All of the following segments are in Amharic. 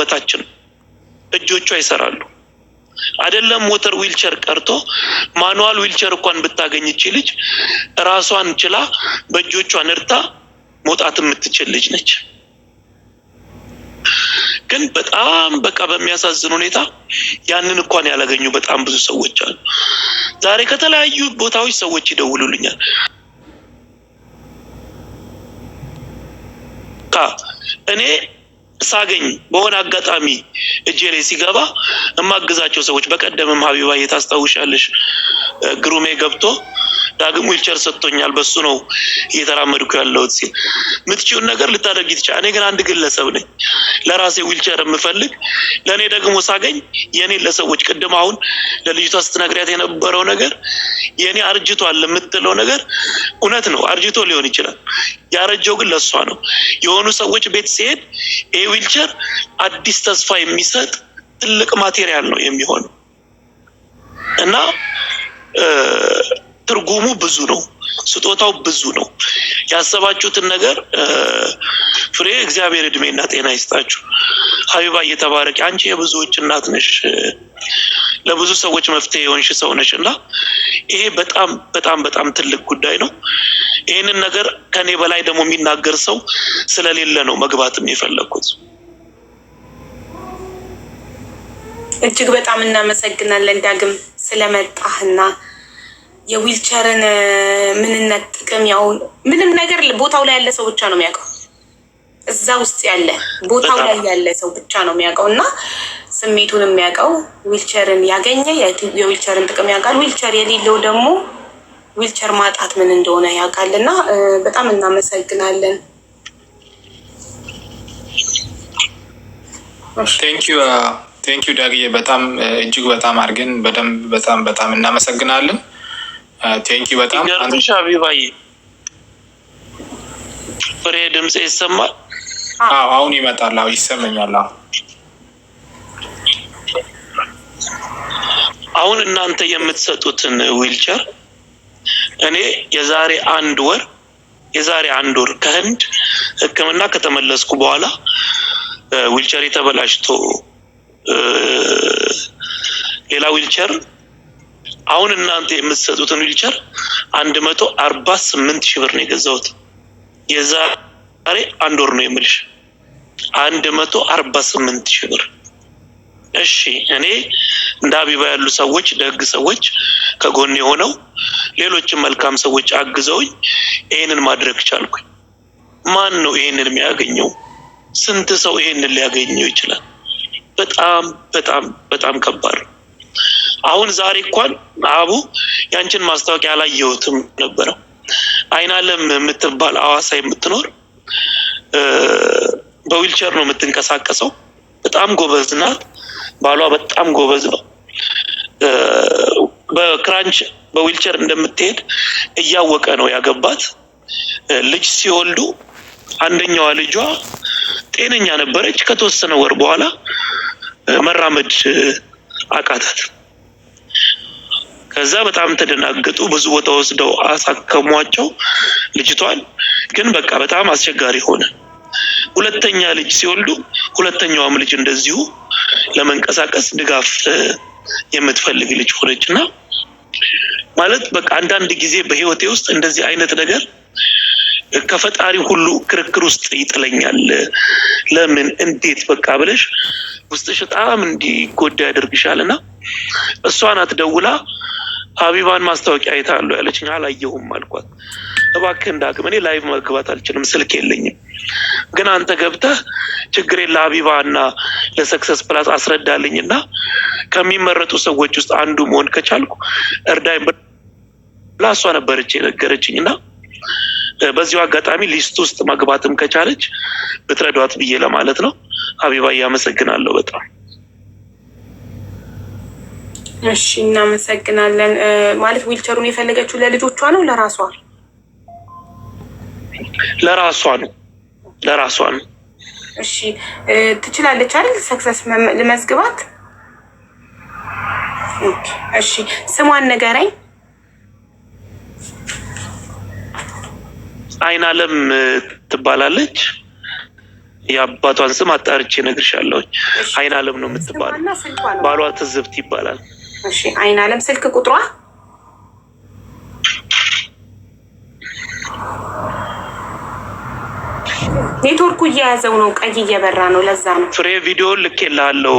በታች ነው። እጆቿ ይሰራሉ። አይደለም ሞተር ዊልቸር ቀርቶ ማኑዋል ዊልቸር እንኳን ብታገኝ እቺ ልጅ ራሷን ችላ በእጆቿ ነድታ መውጣት የምትችል ልጅ ነች። ግን በጣም በቃ በሚያሳዝን ሁኔታ ያንን እንኳን ያላገኙ በጣም ብዙ ሰዎች አሉ። ዛሬ ከተለያዩ ቦታዎች ሰዎች ይደውሉልኛል። እኔ ሳገኝ በሆነ አጋጣሚ እጄ ላይ ሲገባ እማግዛቸው ሰዎች በቀደምም ሀቢባ የታስታውሻለሽ ግሩሜ ገብቶ ዳግም ዊልቸር ሰጥቶኛል፣ በሱ ነው እየተራመድኩ ያለሁት ሲል የምትችውን ነገር ልታደርግ ትችላለህ። እኔ ግን አንድ ግለሰብ ነኝ፣ ለራሴ ዊልቸር የምፈልግ ለእኔ ደግሞ ሳገኝ የኔ ለሰዎች ቅድም አሁን ለልጅቷ ስትነግሪያት የነበረው ነገር የእኔ አርጅቷል የምትለው ነገር እውነት ነው፣ አርጅቶ ሊሆን ይችላል። ያረጀው ግን ለእሷ ነው። የሆኑ ሰዎች ቤት ሲሄድ ይህ ዊልቸር አዲስ ተስፋ የሚሰጥ ትልቅ ማቴሪያል ነው የሚሆነው እና ትርጉሙ ብዙ ነው። ስጦታው ብዙ ነው። ያሰባችሁትን ነገር ፍሬ እግዚአብሔር እድሜና ጤና ይስጣችሁ። ሀቢባ እየተባረቂ አንቺ የብዙዎች እናት ነሽ፣ ለብዙ ሰዎች መፍትሄ የሆንሽ ሰው ነሽ እና ይሄ በጣም በጣም በጣም ትልቅ ጉዳይ ነው። ይህንን ነገር ከኔ በላይ ደግሞ የሚናገር ሰው ስለሌለ ነው መግባትም የፈለግኩት። እጅግ በጣም እናመሰግናለን ዳግም ስለመጣህና የዊልቸርን ምንነት ጥቅም ያው ምንም ነገር ቦታው ላይ ያለ ሰው ብቻ ነው የሚያውቀው። እዛ ውስጥ ያለ ቦታው ላይ ያለ ሰው ብቻ ነው የሚያውቀው እና ስሜቱን የሚያውቀው ዊልቸርን ያገኘ የዊልቸርን ጥቅም ያውቃል። ዊልቸር የሌለው ደግሞ ዊልቸር ማጣት ምን እንደሆነ ያውቃል። እና በጣም እናመሰግናለን። ቴንኪዩ ዳግዬ፣ በጣም እጅግ በጣም አድርገን በደንብ በጣም በጣም እናመሰግናለን። ቴንኪ በጣም ገርምሽ አቢባዬ ፍሬ ድምፅ ይሰማል? አዎ አሁን ይመጣል። አዎ ይሰመኛል። አዎ አሁን እናንተ የምትሰጡትን ዊልቸር እኔ የዛሬ አንድ ወር የዛሬ አንድ ወር ከህንድ ሕክምና ከተመለስኩ በኋላ ዊልቸር የተበላሽቶ ሌላ ዊልቸር አሁን እናንተ የምትሰጡትን ዊልቸር አንድ መቶ አርባ ስምንት ሺህ ብር ነው የገዛሁት። የዛሬ አንድ ወር ነው የምልሽ አንድ መቶ አርባ ስምንት ሺህ ብር። እሺ እኔ እንደ አቢባ ያሉ ሰዎች ደግ ሰዎች ከጎን የሆነው ሌሎችም መልካም ሰዎች አግዘውኝ ይህንን ማድረግ ቻልኩኝ። ማን ነው ይህንን የሚያገኘው? ስንት ሰው ይህንን ሊያገኘው ይችላል? በጣም በጣም በጣም ከባድ ነው። አሁን ዛሬ እንኳን አቡ ያንችን ማስታወቂያ አላየሁትም ነበረው። አይናለም የምትባል አዋሳ የምትኖር በዊልቸር ነው የምትንቀሳቀሰው። በጣም ጎበዝ ናት። ባሏ በጣም ጎበዝ ነው። በክራንች በዊልቸር እንደምትሄድ እያወቀ ነው ያገባት። ልጅ ሲወልዱ አንደኛዋ ልጇ ጤነኛ ነበረች። ከተወሰነ ወር በኋላ መራመድ አቃታት። ከዛ በጣም ተደናገጡ። ብዙ ቦታ ወስደው አሳከሟቸው ልጅቷን። ግን በቃ በጣም አስቸጋሪ ሆነ። ሁለተኛ ልጅ ሲወልዱ ሁለተኛዋም ልጅ እንደዚሁ ለመንቀሳቀስ ድጋፍ የምትፈልግ ልጅ ሆነች እና ማለት በቃ አንዳንድ ጊዜ በህይወቴ ውስጥ እንደዚህ አይነት ነገር ከፈጣሪ ሁሉ ክርክር ውስጥ ይጥለኛል። ለምን እንዴት በቃ ብለሽ ውስጥሽ በጣም እንዲጎዳ ያደርግሻል እና እሷ ናት ደውላ ሀቢባን ማስታወቂያ አይታለሁ ያለችኝ። አላየሁም አልኳት። እባክህ እንዳቅም እኔ ላይቭ መግባት አልችልም፣ ስልክ የለኝም። ግን አንተ ገብተህ ችግሬን ለሀቢባ እና ለሰክሰስ ፕላስ አስረዳልኝ እና ከሚመረጡ ሰዎች ውስጥ አንዱ መሆን ከቻልኩ እርዳኝ ብላ እሷ ነበረች የነገረችኝ እና በዚሁ አጋጣሚ ሊስት ውስጥ መግባትም ከቻለች ብትረዷት ብዬ ለማለት ነው። ሀቢባ እያመሰግናለሁ በጣም እሺ እናመሰግናለን ማለት ዊልቸሩን የፈለገችው ለልጆቿ ነው ለራሷ ለራሷ ነው ለራሷ ነው እሺ ትችላለች አይደል ሰክሰስ ልመዝግባት እሺ ስሟን ንገረኝ አይን አለም ትባላለች የአባቷን ስም አጣርቼ እነግርሻለሁኝ። አይን አለም ነው የምትባለው። ባሏ ትዝብት ይባላል። አይን አለም ስልክ ቁጥሯ ኔትወርኩ እየያዘው ነው፣ ቀይ እየበራ ነው። ለዛ ነው ፍሬ ቪዲዮን የላለው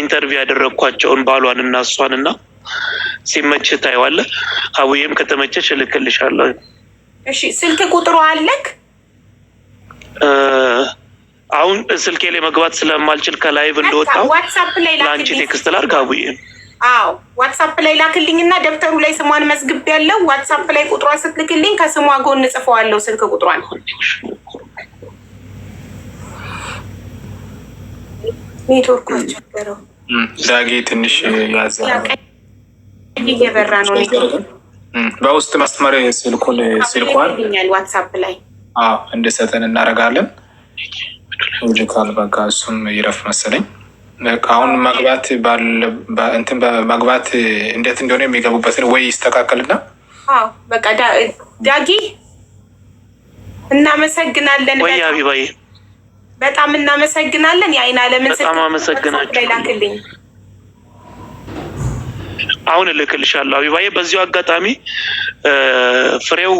ኢንተርቪው ያደረግኳቸውን ባሏን እና እሷን እና ሲመች ታይዋለ። አቡዬም ከተመቸች እልክልሻለሁ። እሺ ስልክ ቁጥሩ አለክ? አሁን ስልኬ ላይ መግባት ስለማልችል ከላይቭ እንደወጣው ላንቺ ቴክስት ላድርግ። አቡዬ አዎ፣ ዋትሳፕ ላይ ላክልኝ እና ደብተሩ ላይ ስሟን መዝግብ ያለው ዋትሳፕ ላይ ቁጥሯን ስትልክልኝ ከስሟ ጎን ጽፈዋለሁ ስልክ ቁጥሯን። ኔትወርኩ አስቸገረው ዛጌ ትንሽ ያዘ እየበራ ነው። በውስጥ መስመር ስልኩን ስልኳን ዋትሳፕ ላይ እንድሰጠን እናደርጋለን። ሎጂካል በቃ እሱም ይረፍ መሰለኝ። አሁን መግባት እንትን መግባት እንዴት እንደሆነ የሚገቡበትን ወይ ይስተካከልና በቃ ዳጊ እናመሰግናለን። ወይ አቢባዬ በጣም እናመሰግናለን። የአይን አለምን በጣም አመሰግናቸው አሁን እልክልሻለሁ አቢባዬ። በዚሁ አጋጣሚ ፍሬው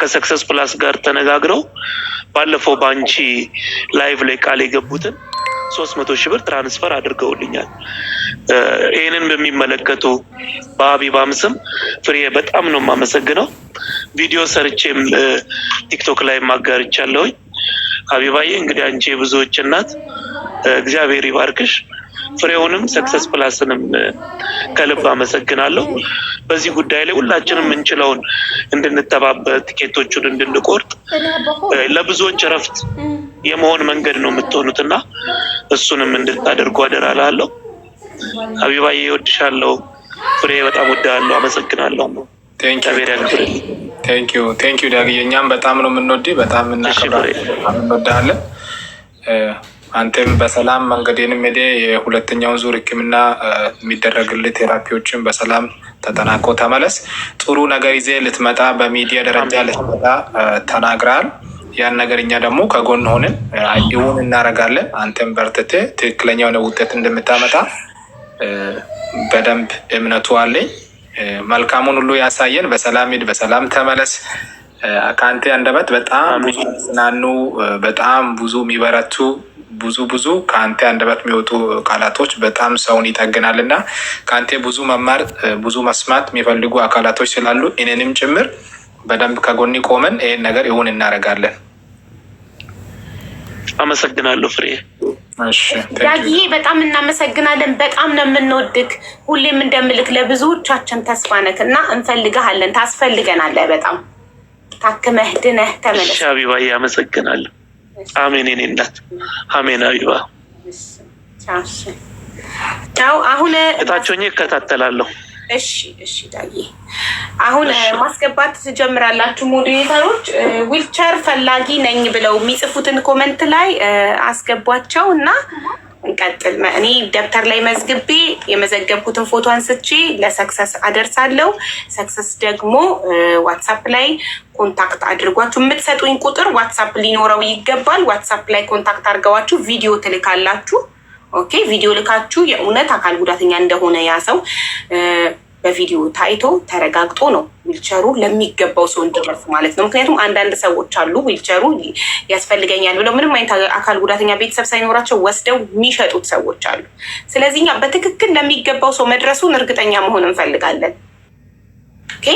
ከሰክሰስ ፕላስ ጋር ተነጋግረው ባለፈው በአንቺ ላይቭ ላይ ቃል የገቡትን ሶስት መቶ ሺህ ብር ትራንስፈር አድርገውልኛል። ይህንን በሚመለከቱ በሀቢባም ስም ፍሬ በጣም ነው የማመሰግነው። ቪዲዮ ሰርቼም ቲክቶክ ላይ ማጋርቻለሁኝ። ሀቢባዬ እንግዲህ አንቺ የብዙዎች እናት እግዚአብሔር ይባርክሽ። ፍሬውንም ሰክሰስ ፕላስንም ከልብ አመሰግናለሁ። በዚህ ጉዳይ ላይ ሁላችንም እንችለውን እንድንተባበር፣ ቲኬቶቹን እንድንቆርጥ ለብዙዎች እረፍት የመሆን መንገድ ነው የምትሆኑት እና እሱንም እንድታደርጉ አደራላለሁ። እላለሁ። ሀቢባዬ እወድሻለሁ። ፍሬ በጣም ወዳለሁ። አመሰግናለሁ። እግዚአብሔር ያክብርልኝ። ዳግዬ፣ እኛም በጣም ነው የምንወድ በጣም እናከብራለን፣ እንወዳለን። አንተም በሰላም መንገዴን ሄደ የሁለተኛውን ዙር ህክምና የሚደረግልህ ቴራፒዎችን በሰላም ተጠናቆ ተመለስ። ጥሩ ነገር ይዜ ልትመጣ በሚዲያ ደረጃ ልትመጣ ተናግራል። ያን ነገር እኛ ደግሞ ከጎን ሆንን ይሁን እናረጋለን። አንተም በርትት ትክክለኛ የሆነ ውጤት እንደምታመጣ በደንብ እምነቱ አለኝ። መልካሙን ሁሉ ያሳየን። በሰላም ሂድ፣ በሰላም ተመለስ። ከአንተ አንደበት በጣም ብዙ ስናኑ በጣም ብዙ የሚበረቱ ብዙ ብዙ ከአንተ አንደበት የሚወጡ አካላቶች በጣም ሰውን ይጠግናል እና ከአንተ ብዙ መማር ብዙ መስማት የሚፈልጉ አካላቶች ስላሉ እኔንም ጭምር በደንብ ከጎኒ ቆመን ይህን ነገር ይሁን እናደርጋለን። አመሰግናለሁ ፍሬ ዳጊዬ፣ በጣም እናመሰግናለን። በጣም ነው የምንወድግ። ሁሌም እንደምልክ ለብዙዎቻችን ተስፋ ነክ እና እንፈልግሃለን፣ ታስፈልገናለህ። በጣም ታክመህ ድነህ ተመለስ። ሻቢባዬ አመሰግናለሁ። አሜን። የኔ እናት አሜን። አቢባ ያው አሁን እታቸውኝ እከታተላለሁ። እሺ፣ እሺ ዳዬ አሁን ማስገባት ትጀምራላችሁ። ሞዴሬተሮች ዊልቸር ፈላጊ ነኝ ብለው የሚጽፉትን ኮመንት ላይ አስገቧቸው እና እንቀጥል። እኔ ደብተር ላይ መዝግቤ የመዘገብኩትን ፎቶ አንስቼ ለሰክሰስ አደርሳለሁ። ሰክሰስ ደግሞ ዋትሳፕ ላይ ኮንታክት አድርጓችሁ የምትሰጡኝ ቁጥር ዋትሳፕ ሊኖረው ይገባል። ዋትሳፕ ላይ ኮንታክት አድርገዋችሁ ቪዲዮ ትልካላችሁ። ኦኬ ቪዲዮ ልካችሁ የእውነት አካል ጉዳተኛ እንደሆነ ያ ሰው በቪዲዮ ታይቶ ተረጋግጦ ነው ዊልቸሩ ለሚገባው ሰው እንዲደርስ ማለት ነው። ምክንያቱም አንዳንድ ሰዎች አሉ ዊልቸሩ ያስፈልገኛል ብለው ምንም አይነት አካል ጉዳተኛ ቤተሰብ ሳይኖራቸው ወስደው የሚሸጡት ሰዎች አሉ። ስለዚህ በትክክል ለሚገባው ሰው መድረሱን እርግጠኛ መሆን እንፈልጋለን። ኦኬ፣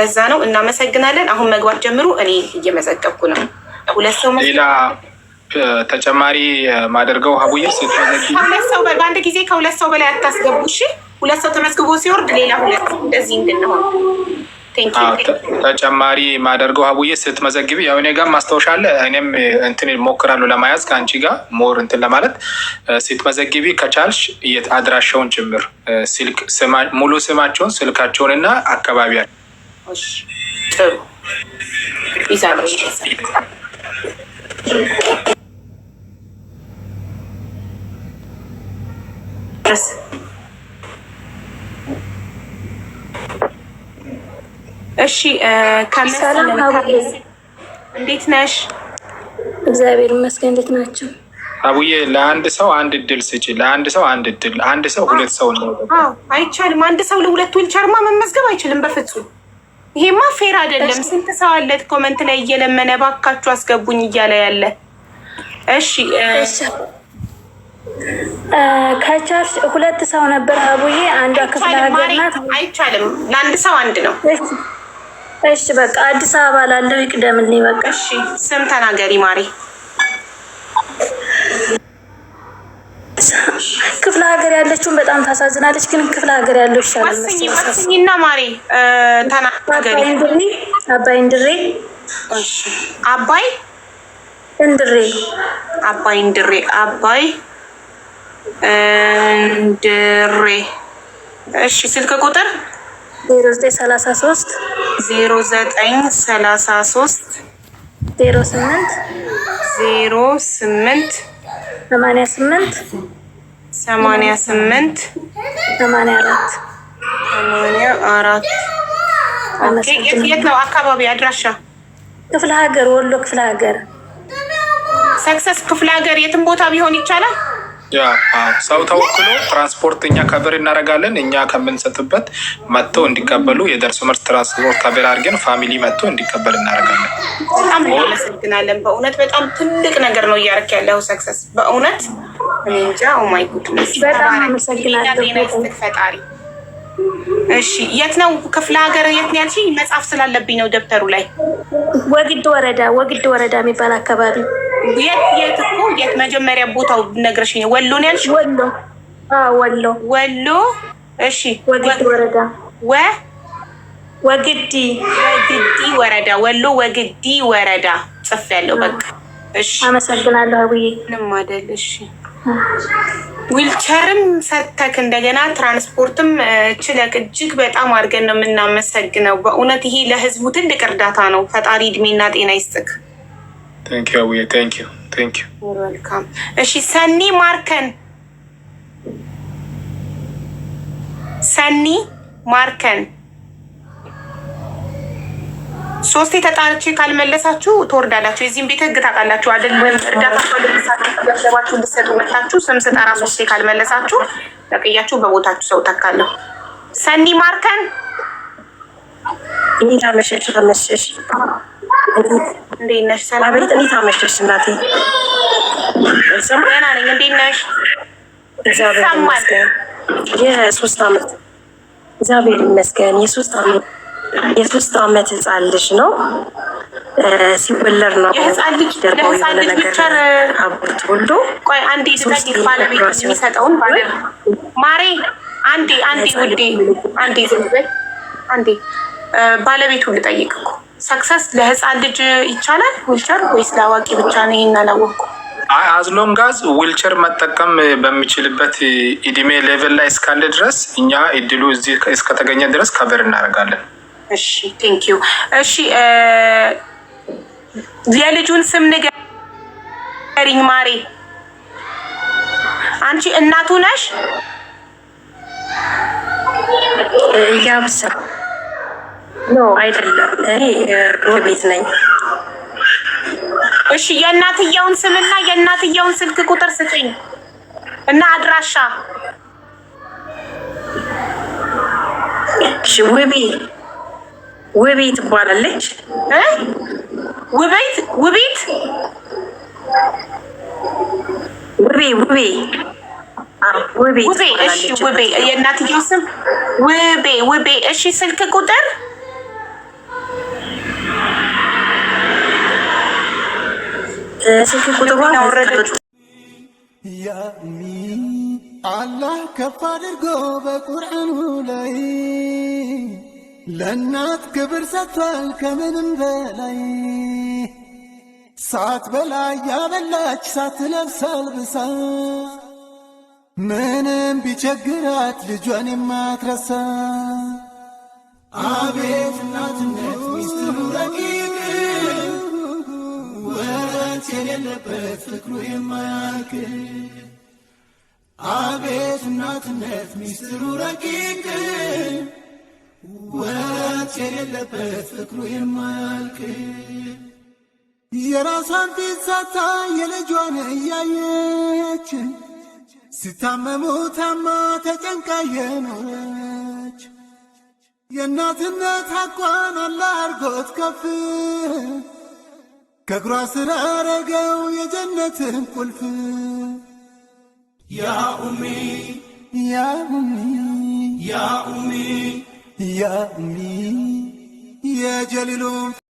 ለዛ ነው። እናመሰግናለን። አሁን መግባት ጀምሩ። እኔ እየመዘገብኩ ነው። ሁለት ሰው ሌላ ተጨማሪ ማደርገው ሀቡዬ ሁለት ሰው በአንድ ጊዜ ከሁለት ሰው በላይ አታስገቡ እሺ። ሁለት ሰው ተመዝግቦ ሲወርድ ሌላ ሁለት እንደዚህ እንድንሆን ተጨማሪ ማደርገው አቡዬ ስትመዘግቢ ያው እኔ ጋር ማስታወሻ አለ። እኔም እንትን ሞክራሉ ለማያዝ ከአንቺ ጋር ሞር እንትን ለማለት ስትመዘግቢ ከቻልሽ አድራሻውን ጭምር ስልክ ሙሉ ስማቸውን ስልካቸውን እና አካባቢያ ጥሩ እሺ እንዴት ነሽ? እግዚአብሔር ይመስገን። እንዴት ናቸው? አቡዬ ለአንድ ሰው አንድ እድል ስጪ። ለአንድ ሰው አንድ እድል። አንድ ሰው ሁለት ሰው ነው አይቻልም። አንድ ሰው ለሁለት ዊልቸርማ መመዝገብ አይችልም በፍጹም። ይሄማ ፌር አይደለም። ስንት ሰው አለ ኮመንት ላይ እየለመነ ባካችሁ አስገቡኝ እያለ ያለ። እሺ ከቻርች ሁለት ሰው ነበር አቡዬ። አንዷ ክፍለ ሀገር ናት። አይቻልም። ለአንድ ሰው አንድ ነው። እሺ በቃ አዲስ አበባ ላለው ይቅደምልኝ። በቃ እሺ፣ ስም ተናገሪ ማሪ። ክፍለ ሀገር ያለችውን በጣም ታሳዝናለች፣ ግን ክፍለ ሀገር ያለው ይሻላል። ወስኝና ማሪ ተናገሪ። አባይ እንድሬ፣ አባይ እንድሬ፣ አባይ እንድሬ፣ አባይ እንድሬ። እሺ ስልክ ቁጥር ዜሮ ዘጠኝ ሰላሳ ሶስት ዜሮ ዘጠኝ ሰላሳ ሶስት ዜሮ ስምንት ዜሮ ስምንት ሰማንያ ስምንት ሰማንያ ስምንት ሰማንያ አራት ሰማንያ አራት የት ነው አካባቢ አድራሻ? ክፍለ ሀገር ወሎ ክፍለ ሀገር ሰክሰስ ክፍለ ሀገር የትም ቦታ ቢሆን ይቻላል። ሰው ተወክሎ ትራንስፖርት እኛ ከበር እናደርጋለን። እኛ ከምንሰጥበት መጥቶ እንዲቀበሉ የደርሶ መልስ ትራንስፖርት ከበር አድርገን ፋሚሊ መጥቶ እንዲቀበል እናደርጋለን። በጣም እናመሰግናለን። በእውነት በጣም ትልቅ ነገር ነው እያደረክ ያለው ሰክሰስ። በእውነት እንጃ ማይ ጉድነስ በጣም አመሰግናለሁ ፈጣሪ። እሺ የት ነው ክፍለ ሀገር የት ነው ያልሽኝ? መጽሐፍ ስላለብኝ ነው ደብተሩ ላይ ወግድ ወረዳ፣ ወግድ ወረዳ የሚባል አካባቢ የት የት እኮ የት መጀመሪያ ቦታው ነግረሽ ወሎ ነው ያልሽ? ወሎ ወሎ ወሎ። እሺ ወግዲ ወረዳ ወ ወግዲ ወግዲ ወረዳ ወሎ ወግዲ ወረዳ ጽፍ ያለው በቃ። እሺ አመሰግናለሁ አብዬ። ምንም አይደል። እሺ ዊልቸርም ሰተክ እንደገና ትራንስፖርትም ችለክ እጅግ በጣም አድርገን ነው የምናመሰግነው። በእውነት ይሄ ለህዝቡ ትልቅ እርዳታ ነው። ፈጣሪ እድሜና ጤና ይስጥክ። ቴንኪው አቡዬ፣ ቴንኪው ቴንኪው። እሺ ሰኒ ማርከን፣ ሰኒ ማርከን። ሶስቴ ተጣርቼ ካልመለሳችሁ ትወርዳላችሁ። የዚህም ቤት ህግ ታውቃላችሁ አይደል? እርዳታ ለባችሁ እንድሰጡ መታችሁ ስም ስጠራ ሶስቴ ካልመለሳችሁ ለቅያችሁ በቦታችሁ ሰው ተካለሁ። ሰኒ ማርከን ይህ መሸሽ እንዴት ነሽ? ሰላም እንዴት አመሸሽ እናቴ? ደህና ነኝ። እንዴት ነሽ? እግዚአብሔር የሶስት አመት እግዚአብሔር ይመስገን። የሶስት አመት የሶስት አመት ህፃን ልጅ ነው ሲወለድ ነው የህፃን ልጅ ብቻ ወልዶ ቆይ አንዴ ባለቤት የሚሰጠውን ባለ ማሬ አንዴ አንዴ ውዴ አንዴ አንዴ ባለቤቱ ልጠይቅ እኮ ሰክሰስ ለህፃን ልጅ ይቻላል ዊልቸር ወይስ ለአዋቂ ብቻ ነው? ይህን አላወቅኩም። አዝሎንግ ዊልቸር መጠቀም በሚችልበት እድሜ ሌቨል ላይ እስካለ ድረስ እኛ እድሉ እዚህ እስከተገኘ ድረስ ከበር እናደርጋለን። እሺ ቴንክ ዩ። እሺ የልጁን ስም ንገሪኝ ማሬ። አንቺ እናቱ ነሽ? ያብሰ አይደለም፣ እኔ ቤት ነኝ። እሺ፣ የእናትየውን ስምና የእናትየውን ስልክ ቁጥር ስጭኝ እና አድራሻ። እሺ፣ ውቤ ውቤ ትባላለች። ውቤት ውቤት ውቤ ውቤ ውቤ እሺ፣ ውቤ የእናትየው ስም ውቤ ውቤ። እሺ፣ ስልክ ቁጥር ስልክ ያሚ አላህ ከፍ አድርጎ በቁርአኑ ላይ ለእናት ክብር ሰጥቷል ከምንም በላይ ሳት በላይ ያበላች ሳትለብሳል ብሳ ምንም ቢቸግራት ልጇን የማትረሳ አቤት እናትነት ሚስትሩ ረቂቅ ልክ የሌለበት ፍቅሩ የማያልቅ አቤት እናትነት ሚስጥሩ ረቂቅ ወረት የሌለበት ፍቅሩ የማያልቅ የራሷን ፊት ሳታ የልጇን እያየች ስታመሙ ታማ ተጨንቃ የኖረች የእናትነት ሐቋን አላ አርጎት ከፍ كقرا سرارقوا يا جنة قلف يا أمي يا أمي يا أمي يا أمي يا جليل